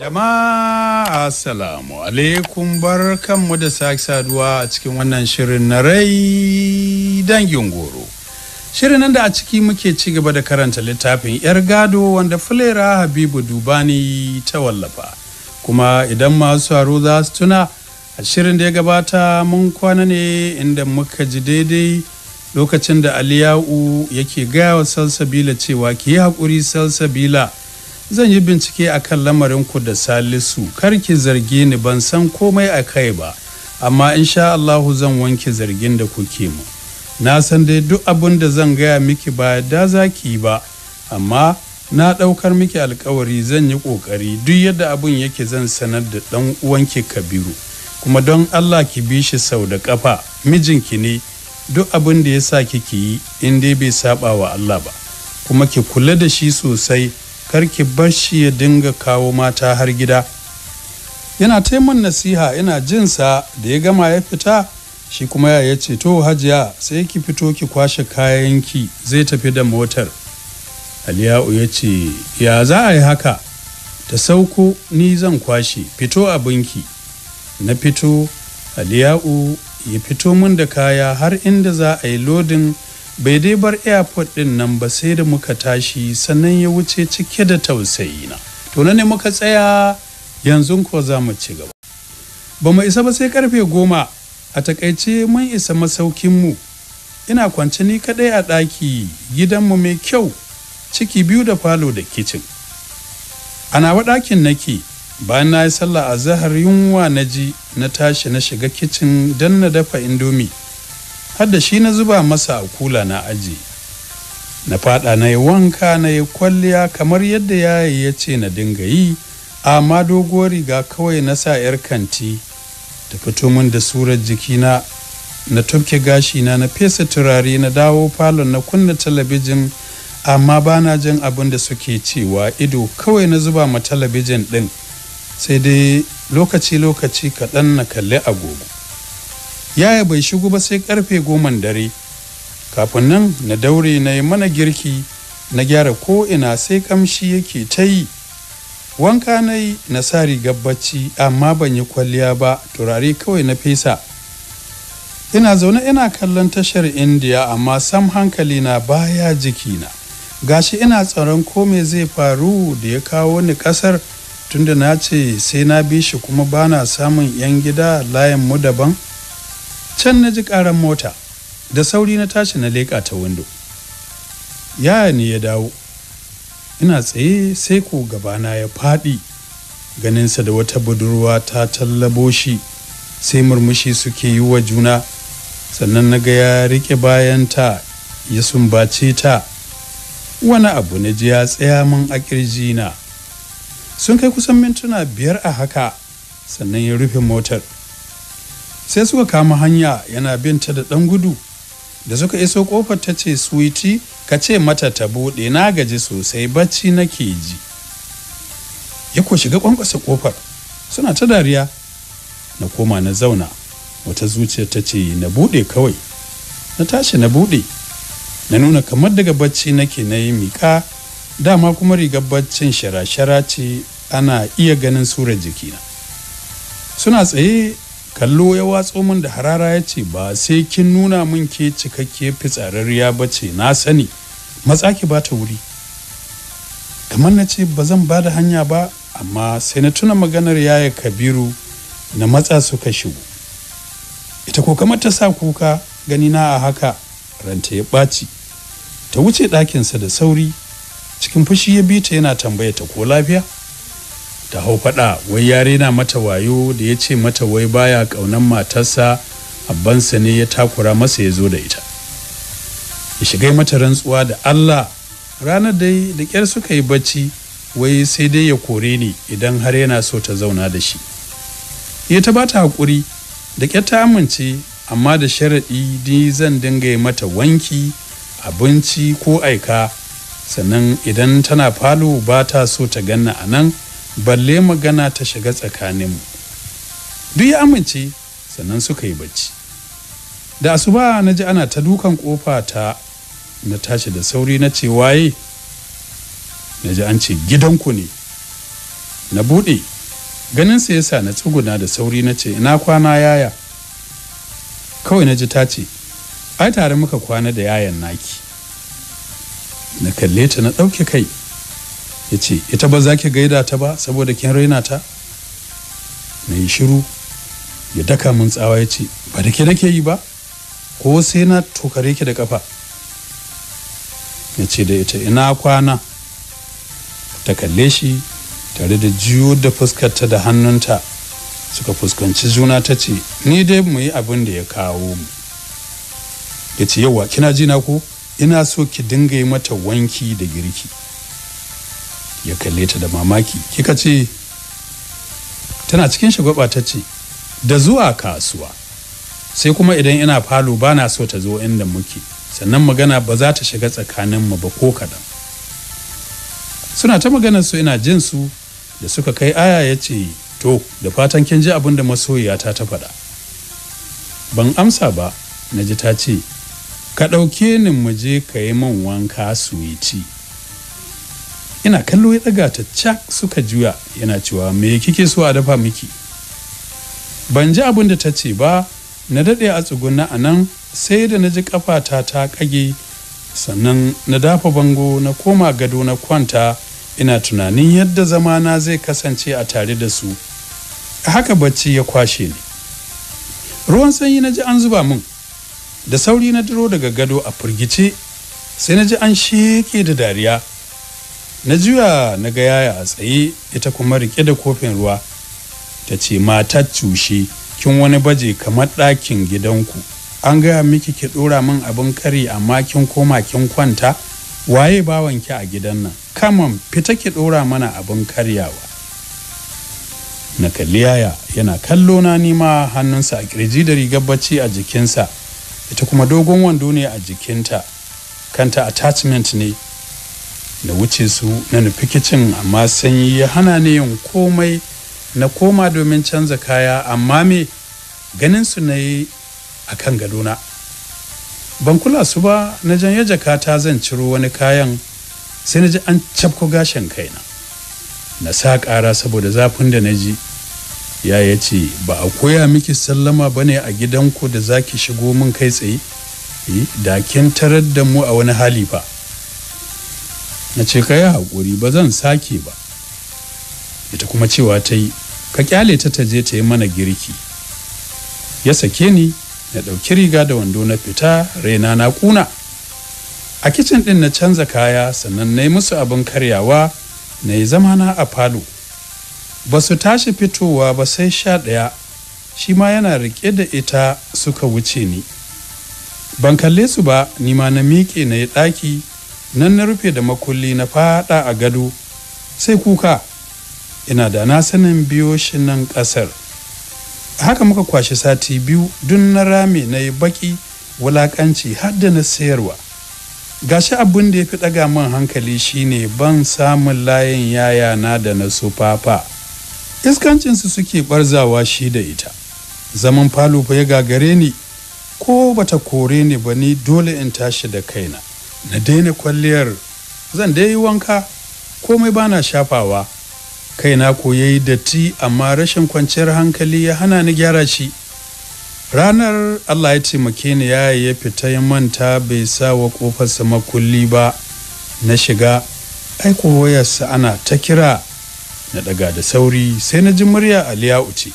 Jama'a asalamu alaikum bar kanmu da sake saduwa a cikin wannan shirin na rai dangin goro. Shirin nan da a ciki muke ci gaba da karanta littafin 'yar gado wanda fulera Habibu Dubani ta wallafa. Kuma idan masu haro za su tuna a shirin da ya gabata mun kwana ne inda muka ji daidai lokacin da Aliyau yake gaya wa Salsabila cewa ki yi haƙuri Salsabila. zan yi bincike a kan lamarinku da salisu kar ki zarge ni ban san komai a kai ba amma insha allahu zan wanke zargin da kuke mu na san dai duk abin da zan gaya miki ba da za ki yi ba amma na ɗaukar miki alkawari zan yi ƙoƙari duk yadda abin yake zan sanar da ɗan uwanki kabiru kuma don allah ki bi shi sau da ƙafa mijinki ne duk abin da ya sa kiki yi in dai bai saɓa wa allah ba kuma ki kula da shi sosai karki shi ya dinga kawo mata har gida yana taimun nasiha ina jinsa da ya gama ya fita shi kuma ya ce to hajiya sai ki fito ki kwashe kayanki zai tafi da motar aliyu ya ce ya za a yi haka ta sauko ni zan kwashe fito abinki na fito aliyu ya fito min da kaya har inda za a yi lodin bai dai bar airport din nan ba sai da muka tashi sannan ya wuce cike da tausayi na to ne muka tsaya yanzu ko za mu ci gaba ba mu isa ba sai karfe goma a takaice mun isa masaukin mu. ina kwance ni kadai a ɗaki mu mai kyau ciki biyu da falo da kicin Ana nawa ɗakin nake bayan na yi sallah a zahar yunwa na ji na tashi na shiga kicin don na dafa indomie har shi na zuba masa a kula na aji na fada na yi wanka na yi kwalliya kamar yadda ya yi ya ce na dinga yi amma doguwar riga kawai na sa 'yar kanti ta fito min da surar jikina na tafke gashina na fesa turare na dawo falon na kunna talabijin amma ba na jin abin da suke cewa ido kawai na zuba ma talabijin din sai dai lokaci-lokaci kaɗan na kalli agogo yaya bai shigo ba sai karfe goman dare kafin nan na daure na yi mana girki na gyara ko ina sai kamshi yake ta yi wanka na yi na sa rigar bacci amma ban yi kwalliya ba turare kawai na fesa ina zaune ina kallon tashar indiya amma sam hankali na baya jikina gashi ina tsaron ko me zai faru da ya kawo ni kasar tunda na ce sai na bi shi kuma bana samun 'yan gida layin mu daban can na ji ƙaran mota da sauri na tashi na leƙa ta windo yaya ne ya dawo ina tsaye sai ko gabana ya faɗi ganinsa da wata budurwa ta tallabo shi sai murmushi suke yi wa juna sannan na ga ya riƙe bayanta ya sumbace ta wani abu na ji ya tsaya min a na. sun kai kusan mintuna biyar a haka sannan ya rufe motar sai suka kama hanya yana bin ta da ɗan gudu da suka iso kofar ta ce suwiti ka ce mata ta buɗe na gaji sosai bacci nake ji ya ko shiga ƙwanƙwasa kofar suna ta dariya na koma na zauna wata zuciya ta ce na buɗe kawai na tashi na buɗe na nuna kamar daga bacci nake na yi miƙa dama kuma rigar baccin shara-shara ce ana iya ganin surar jikina suna tsaye kallo ya watso min da harara ya ce ba sai kin nuna min ke cikakke fitsararriya ba ce na sani matsaki ba ta wuri kamar na ce ba zan ba da hanya ba amma sai na tuna maganar yaya kabiru na matsa suka shigo ita ko kamar ta sa kuka gani na a haka ranta ya ɓaci ta wuce ɗakinsa da sauri cikin fushi ya bi ta yana tambaya ta ko lafiya ta hau faɗa wai ya rena mata wayo da ya ce mata wai baya ƙaunar matarsa abbansa ne ya takura masa ya zo da ita ya shiga mata rantsuwa da allah ranar dai da ƙyar suka yi bacci wai sai dai ya kore ni idan har yana so ta zauna da shi ya ta bata haƙuri da ƙyar ta amince amma da sharaɗi ni zan dinga mata wanki abinci ko aika sannan idan tana falo ba ta so ta ganna a nan balle magana ta shiga tsakaninmu duk ya amince sannan suka yi bacci da asuba na ji ana ta dukan kofa ta na tashi da sauri na ce waye na ji an ce gidanku ne na buɗe ganinsa ya sa na tsuguna da sauri na ce ina kwana yaya kawai na ji ta ce ai tare muka kwana da yayan naki na kalle ta na ɗauke kai ya ce ita ba za ki gaida ta ba saboda kin raina ta na yi shiru ya daka min tsawa ya ce ba da ke nake yi ba ko sai na tokare ki da kafa ya ce da ita ina kwana ta kalle shi tare da jiyo da fuskarta da hannunta suka fuskanci juna ta ce ni dai mu yi abin da ya kawo mu ya ce yawa kina jina ko ina so ki dinga yi mata wanki da girki ya kalle ta da mamaki kika ce tana cikin shi gwabatacce da zuwa kasuwa sai kuma idan ina falo ba na so ta zo inda muke sannan magana ba za ta shiga tsakaninmu ba ko kaɗan suna ta maganar su ina jin su da suka kai aya ya ce to da fatan kin ji abin da masoyiyata ta faɗa ban amsa ba na ji ta ce ka ɗauke ni mu je ka yi man wanka suwici ina kallo ya ɗaga ta cak suka juya yana cewa me kike so a dafa miki ban ji abun da ta ce ba na daɗe a tsuguna a nan sai da na ji ƙafata ta ƙage sannan na dafa bango na koma gado na kwanta ina tunanin yadda zamana zai kasance a tare da su haka bacci ya kwashe ni ruwan sanyi na ji an zuba min da sauri na diro daga gado a firgice sai na ji an sheke da dariya na juya na ga yaya a tsaye ita kuma rike da kofin ruwa ta ce matar cushe kin wani baje kamar ɗakin gidanku an gaya miki ki ɗora min abin kari amma kin koma kin kwanta waye bawanki a gidan nan kaman fita ki ɗora mana abin karyawa na kalli yaya yana kallo na nima hannunsa a kirji da rigar bacci a jikinsa ita kuma dogon wando ne a jikinta kanta attachment ne na wuce su na nufi kicin amma sanyi ya hana ni yin komai na koma domin canza kaya amma me ganin su na yi a kan gadona ban kula su ba na janye jakata zan ciro wani kayan sai na ji an cafko gashin kaina na sa ƙara saboda zafin da na ji ya ya ce ba a koya miki sallama ba ne a gidanku da za ki shigo min kai tsaye eh, da kin tarar da mu a wani hali ba na ce ka yi haƙuri ba zan sake ba ita kuma cewa ta yi ka kyale ta ta je ta yi mana girki ya sake ni na ɗauki riga da wando na fita raina na ƙuna a kicin ɗin na canza kaya sannan na yi musu abin karyawa na yi zamana a falo ba su tashi fitowa ba sai sha ɗaya shi ma yana riƙe da ita suka wuce ni ban kalle su ba ni ma na miƙe na yi ɗaki nan na rufe da makulli na fada a gado sai kuka ina da na sanin biyo shi nan ƙasar haka muka kwashi sati biyu dun na rame na yi baki wulakanci har da na sayarwa gashi abin da ya fi ɗaga man hankali shine ban samun layin yaya na da na su fafa iskancinsu suke barzawa shi da ita zaman falo ya gagare ni ko bata kore ni ba ni dole in tashi da kaina na daina kwalliyar zan dai yi wanka komai bana shafawa kaina ko datti amma rashin kwanciyar hankali ya hana ni gyara shi ranar allah ya taimake ni ya ya fita ya manta bai sa wa kofarsa makulli ba na shiga aiko wayarsa ana ta kira na daga da sauri sai na ji murya aliya uce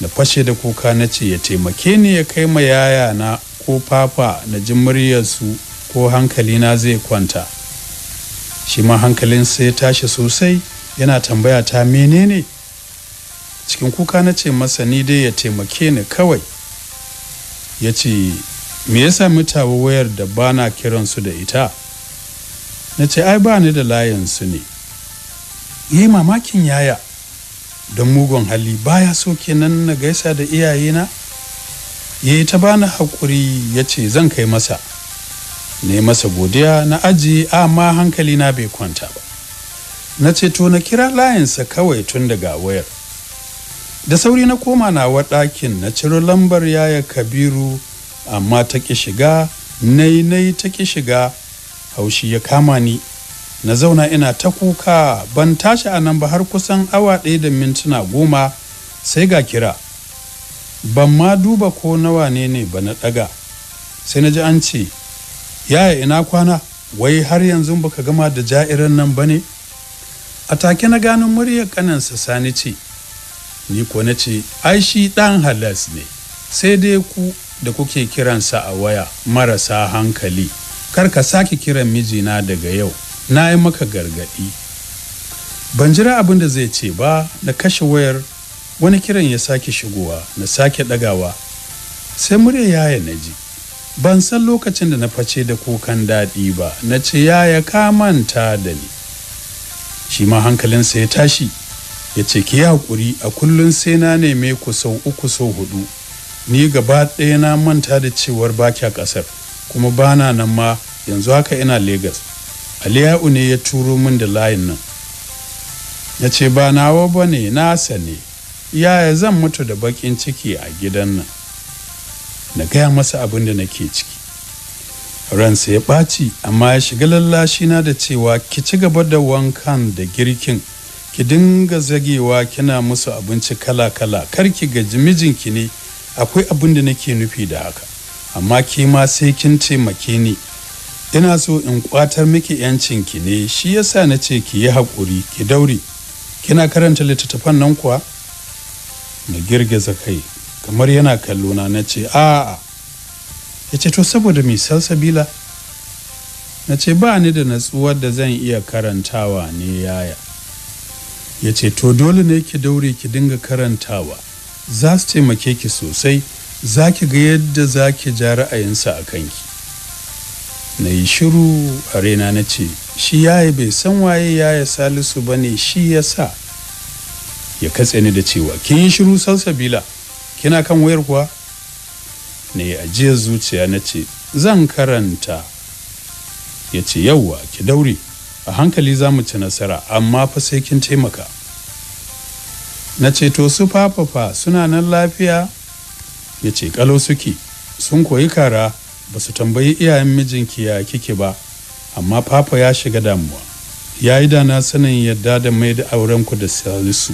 na fashe da kuka na ce ya taimake ni ya kai ma yaya na ko fafa na ji muryarsu ko hankali na zai kwanta shi ma sai ya tashi sosai yana tambaya ta menene cikin kuka na ce masa ni dai ya taimake ni kawai ya ce me ya sami wayar da ba na kiransu da ita na ce ai ba ni da layinsu ne ya yi mamakin yaya don mugun hali baya so kenan na gaisa da iyayena ya yi ta bani haƙuri ya ce zan kai masa ne masa godiya na aji amma hankali na bai kwanta ba na ce to na kira layinsa kawai tun daga wayar da sauri na koma nawa ɗakin na ciro lambar yaya kabiru amma ta ƙi shiga nai nai ta ƙi shiga haushi ya kama ni na zauna ina ta kuka ban tashi a nan ba har kusan awa ɗaya da mintuna goma sai ga kira ban ma duba ko nawa ne ne ba na ɗaga sai na ji an ce yaya ina kwana wai har yanzu baka gama da ja'iran nan ba ne a take na gano muryar kanansa sani ce ni ko na ce ai shi ɗan halas ne sai dai ku da kuke kiransa a waya marasa hankali kar ka sake kiran mijina daga yau na yi maka gargaɗi ban jira abin da zai ce ba na kashe wayar wani kiran ya sake shigowa na sake ɗagawa sai murya yaya na ji ban san lokacin da na face da kukan daɗi ba na ce yaya ka manta da ni shi ma hankalinsa ya tashi ya ce ki haƙuri a kullum sai na neme ku sau uku sau hudu ni gaba ɗaya na manta da cewar ba kya ƙasar kuma bana nan ma yanzu haka ina Legas. Aliyu ne ya turo min da layin nan ya ce ba nawa ba ne nasa ne yaya zan mutu da baƙin ciki a gidan nan na gaya masa abin da nake ciki ransa ya ɓaci amma ya shiga lallashi na da cewa ki ci gaba da wankan da girkin ki dinga zagewa kina musu abinci kala-kala kar ki gaji mijinki ne akwai abin da nake nufi da haka amma ki ma sai kin taimake ni ina so in kwatar miki ki ne shi yasa na ce ki yi haƙuri ki daure kina karanta littattafan nan kuwa na girgiza kai kamar yana kallona na ce a'a ya ce to saboda mai salsabila na ce ba ni da natsuwar da zan iya karantawa ne yaya ya ce to dole ne ki daure ki dinga karantawa za su taimake ki sosai za ki ga yadda za ki ja ra'ayinsa a kanki na yi shiru a raina na ce shi yaya bai san waye yaya salisu ba ne shi ya sa ya katse ni da cewa kin yi shiru salsabila kina kan wayar kuwa ne ajiyar zuciya na ce zan karanta ya ce yauwa ki daure a hankali za mu ci nasara amma fa sai kin taimaka na ce to su fafafa suna nan lafiya ya ce kalau suke sun koyi kara ba su tambayi iyayen mijinki ya kike ba amma fafa ya shiga damuwa ya yi da na sanin yadda da mai da aurenku da salisu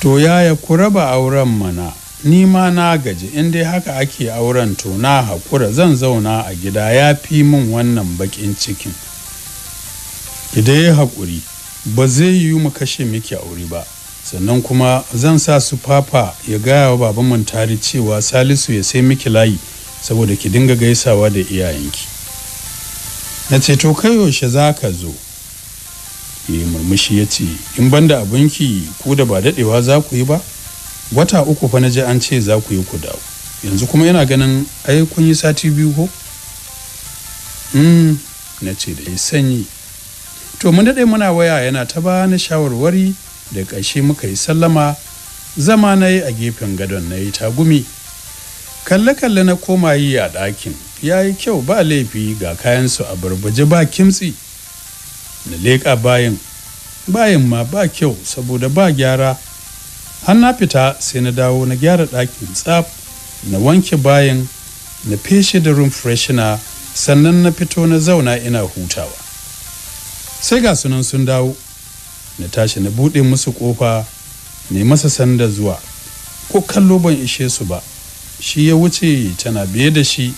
to yaya ku raba auren mana ni ma na gaji in dai haka ake auren to na haƙura zan zauna a gida ya fi min wannan baƙin cikin idan ya haƙuri ba zai yi mu kashe miki aure ba sannan kuma zan sa su fafa ya gaya wa baban mantari cewa salisu ya sai miki layi saboda ki dinga gaisawa da iyayenki na ce to kai yaushe za ka zo ya yi murmushi ya ce in banda abinki ko da ba daɗewa za ku yi ba wata uku fa na je an ce za ku yi ku dawo yanzu kuma yana ganin ai kun yi sati biyu ko mm na ce da sanyi to mun daɗe muna waya yana ta ba ni shawarwari da ƙarshe muka yi sallama zama na yi a gefen gadon na yi tagumi kalle-kalle na koma yi a ɗakin ya yi kyau ba laifi ga kayansu a barbaje ba kimtsi na leƙa bayan bayan ma ba kyau saboda ba gyara har na fita sai na dawo na gyara ɗakin tsaf na wanke bayan na feshe da room freshener sannan na fito na zauna ina hutawa sai ga sunan sun dawo na tashi na buɗe musu ƙofa ne masa sanda zuwa ko kallo ban ishe su ba shi ya wuce tana biye da shi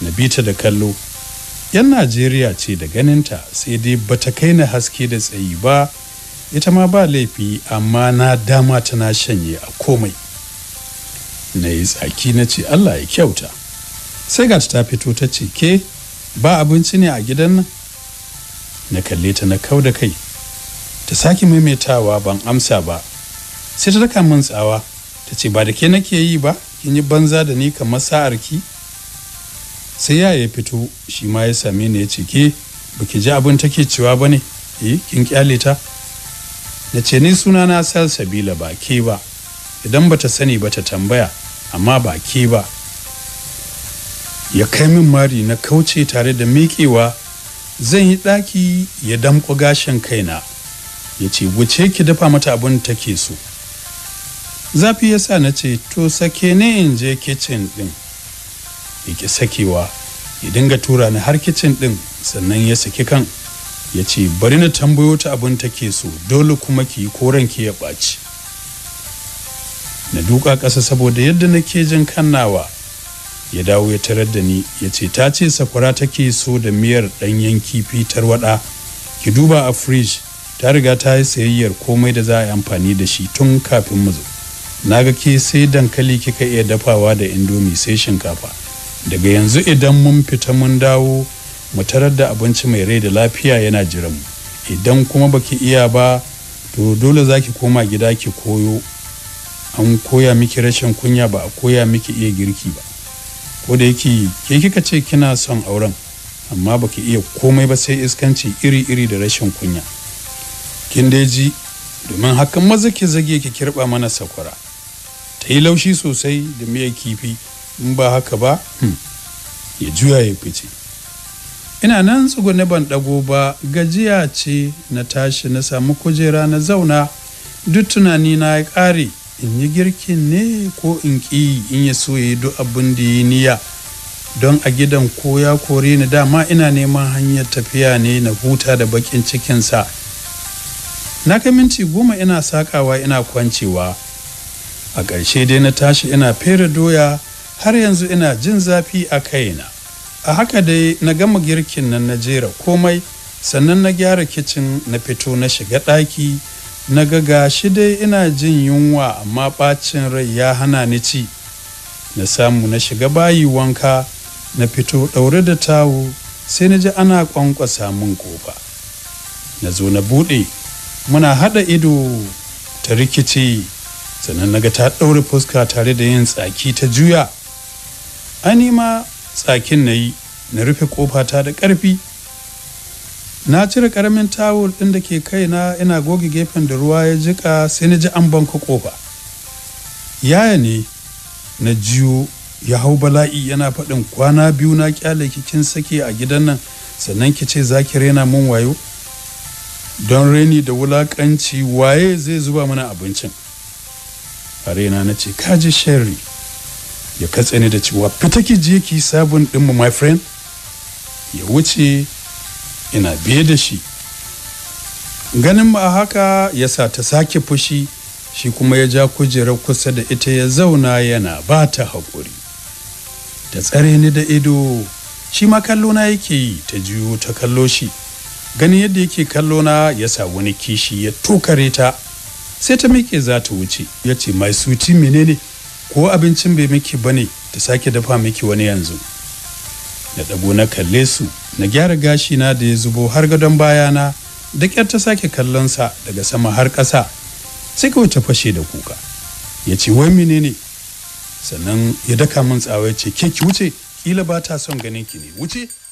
na bita da kallo yan najeriya ce da ganinta sai dai bata kai na haske da tsayi ba ita ma ba laifi amma na dama tana shanye a komai na yi tsaki na ce allah ya kyauta sai ga ta fito ta ce ke ba abinci ne a gidan nan na kalle ta na kau da kai ta sake maimaitawa ban amsa ba sai ta daka min tsawa ta ce ba da ke nake yi ba kin yi banza da ni kamar sa'ar ki sai ya ya fito shi ma ya same ni ya ce ke baki ji abin take cewa ba ne eh kin kyale ta na ce ni suna na salsabila ba ke ba idan ba ta sani ba ta tambaya amma ba ke ba ya kai min mari na kauce tare da miƙewa zan yi ɗaki ya damƙo gashin kaina ya ce wuce ki dafa mata abin take so zafi ya sa na ce to sake ne in je kicin ɗin ya ki sakewa ya dinga tura ni har kicin ɗin sannan ya saki kan ya ce bari na tambayo ta abin take so dole kuma ki yi koren ki ya ɓaci na duka ƙasa saboda yadda nake jin kannawa ya dawo ya tarar da ni ya ce ta ce sakwara take so da miyar ɗanyen kifi tarwaɗa ki duba a fridge ta riga ta yi sayayyar komai da za a yi amfani da shi tun kafin mu zo na ga ke sai dankali kika iya dafawa da indomie sai shinkafa daga yanzu idan mun fita mun dawo mu tarar da abinci mai rai da lafiya yana jiran mu idan kuma baki iya ba to dole za ki koma gida ki koyo an koya miki rashin kunya ba a koya miki iya girki ba ko da yake ke kika ce kina son auren amma baki iya komai ba sai iskanci iri-iri da rashin kunya kin dai ji domin hakan maza ki zage ki kirba mana sakwara ta yi laushi sosai da miyar kifi in ba haka ba hmm, ya juya ya fice ina nan tsugunni ban ɗago ba gajiya ce na tashi na samu kujera na zauna duk tunani na ya ƙare in yi girkin ne ko in ƙi in ya so ya yi duk abin da yi niyya don a gidan ko ya kore ni dama ina neman hanyar tafiya ne na huta da bakin cikinsa na kai minti goma ina sakawa ina kwancewa a ƙarshe dai na tashi ina fere doya har yanzu ina jin zafi a kaina a haka dai na gama girkin nan na jera komai sannan na gyara kicin na fito na shiga ɗaki na ga shi dai ina jin yunwa amma ɓacin rai ya hana ni ci na samu na shiga bayi wanka na fito ɗaure da tawo sai na ji ana ƙwanƙwasa min ƙofa na zo na buɗe muna haɗa ido ta rikici sannan na ga ta ɗaure fuska tare da yin tsaki ta juya anima tsakin na yi na rufe kofata da ƙarfi na cire ƙaramin tawul ɗin da ke kaina ina goge gefen da ruwa ya jika sai na ji an banka kofa yaya ne na jiyo ya hau bala'i yana faɗin kwana biyu na kyale kikin sake a gidan nan sannan ki ce za ki rena mun wayo don reni da wulaƙanci waye zai zuba mana abincin a nace na ce kaji sherry ya katse ni da cewa fita ki je ki sabon mu my friend ya wuce ina biye da shi ganin ma haka yasa ta sake fushi shi kuma ya ja kujerar kusa da ita ya zauna yana ba ta haƙuri ta tsare ni da ido shi ma kallona yake yi ta juyo ta kallo shi ganin yadda yake kallona ya sa wani kishi ya tokare ta sai ta miƙe za ta wuce ya ce mai suci menene ko abincin bai miki bane ta sake dafa miki wani yanzu na ɗago na kalle su na gyara gashi na da ya zubo har gadon bayana da ƙyar ta sake kallon sa daga sama har ƙasa sai kawai ta fashe da kuka ya ce wai menene sannan ya daka min tsawa ya ce ke ki wuce kila ba ta son ganin ki ne wuce